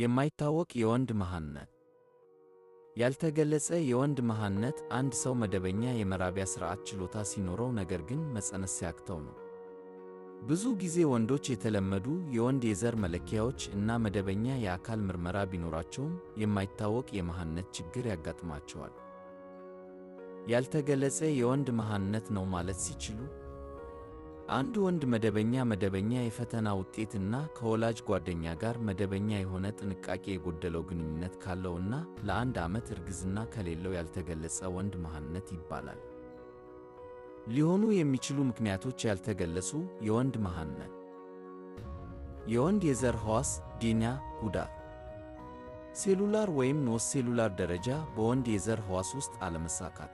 የማይታወቅ የወንድ መሃንነት ያልተገለጸ የወንድ መሃንነት አንድ ሰው መደበኛ የመራቢያ ሥርዓት ችሎታ ሲኖረው ነገር ግን መጸነስ ሲያክተው ነው። ብዙ ጊዜ ወንዶች የተለመዱ የወንድ የዘር መለኪያዎች እና መደበኛ የአካል ምርመራ ቢኖራቸውም የማይታወቅ የመሃንነት ችግር ያጋጥማቸዋል። ያልተገለጸ የወንድ መሃንነት ነው ማለት ሲችሉ አንድ ወንድ መደበኛ መደበኛ የፈተና ውጤትና ከወላጅ ጓደኛ ጋር መደበኛ የሆነ ጥንቃቄ የጎደለው ግንኙነት ካለውና ለአንድ ዓመት እርግዝና ከሌለው ያልተገለጸ ወንድ መሃንነት ይባላል። ሊሆኑ የሚችሉ ምክንያቶች ያልተገለጹ የወንድ መሃንነት የወንድ የዘር ሕዋስ ዲና ጉዳት ሴሉላር ወይም ኖስ ሴሉላር ደረጃ በወንድ የዘር ሕዋስ ውስጥ አለመሳካት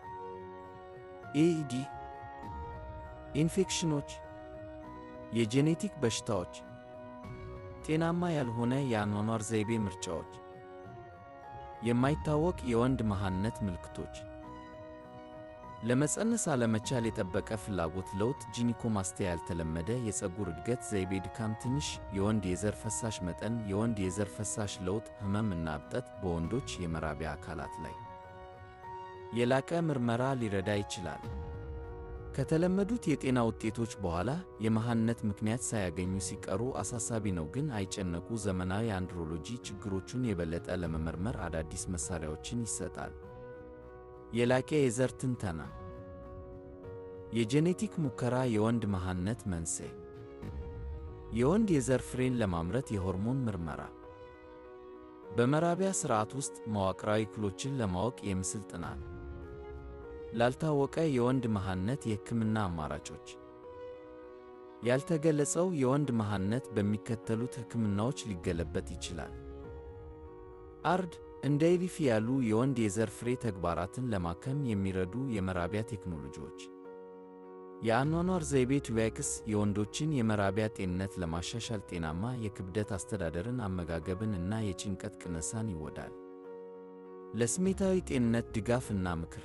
ኤኢዲ ኢንፌክሽኖች የጄኔቲክ በሽታዎች፣ ጤናማ ያልሆነ የአኗኗር ዘይቤ ምርጫዎች፣ የማይታወቅ የወንድ መሃንነት ምልክቶች፣ ለመፀነስ አለመቻል የጠበቀ ፍላጎት ለውጥ፣ ጂኒኮማስቲያ፣ ያልተለመደ የፀጉር እድገት ዘይቤ፣ ድካም፣ ትንሽ የወንድ የዘር ፈሳሽ መጠን፣ የወንድ የዘር ፈሳሽ ለውጥ፣ ህመም እና እብጠት በወንዶች የመራቢያ አካላት ላይ የላቀ ምርመራ ሊረዳ ይችላል። ከተለመዱት የጤና ውጤቶች በኋላ የመሃንነት ምክንያት ሳያገኙ ሲቀሩ አሳሳቢ ነው። ግን አይጨነቁ። ዘመናዊ አንድሮሎጂ ችግሮቹን የበለጠ ለመመርመር አዳዲስ መሳሪያዎችን ይሰጣል። የላቀ የዘር ትንተና፣ የጄኔቲክ ሙከራ፣ የወንድ መሃንነት መንስኤ፣ የወንድ የዘር ፍሬን ለማምረት የሆርሞን ምርመራ፣ በመራቢያ ሥርዓት ውስጥ መዋቅራዊ ክሎችን ለማወቅ የምስል ጥናት ላልታወቀ የወንድ መሃንነት የሕክምና አማራጮች። ያልተገለጸው የወንድ መሃንነት በሚከተሉት ሕክምናዎች ሊገለበጥ ይችላል። አርድ እንደ ኢሊፍ ያሉ የወንድ የዘር ፍሬ ተግባራትን ለማከም የሚረዱ የመራቢያ ቴክኖሎጂዎች። የአኗኗር ዘይቤ ዌክስ የወንዶችን የመራቢያ ጤንነት ለማሻሻል ጤናማ የክብደት አስተዳደርን፣ አመጋገብን እና የጭንቀት ቅነሳን ይወዳል። ለስሜታዊ ጤንነት ድጋፍ እና ምክር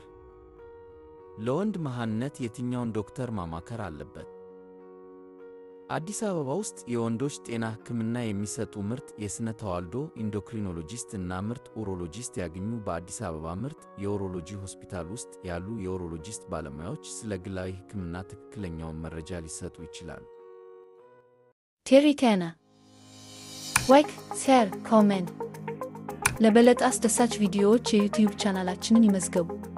ለወንድ መሃንነት የትኛውን ዶክተር ማማከር አለበት? አዲስ አበባ ውስጥ የወንዶች ጤና ሕክምና የሚሰጡ ምርጥ የሥነ ተዋልዶ ኢንዶክሪኖሎጂስት እና ምርጥ ኡሮሎጂስት ያግኙ። በአዲስ አበባ ምርጥ የኡሮሎጂ ሆስፒታል ውስጥ ያሉ የኡሮሎጂስት ባለሙያዎች ስለ ግላዊ ሕክምና ትክክለኛውን መረጃ ሊሰጡ ይችላሉ። ቴሪቴና ዋይክ ሴር ኮሜን ለበለጠ አስደሳች ቪዲዮዎች የዩትዩብ ቻናላችንን ይመዝገቡ።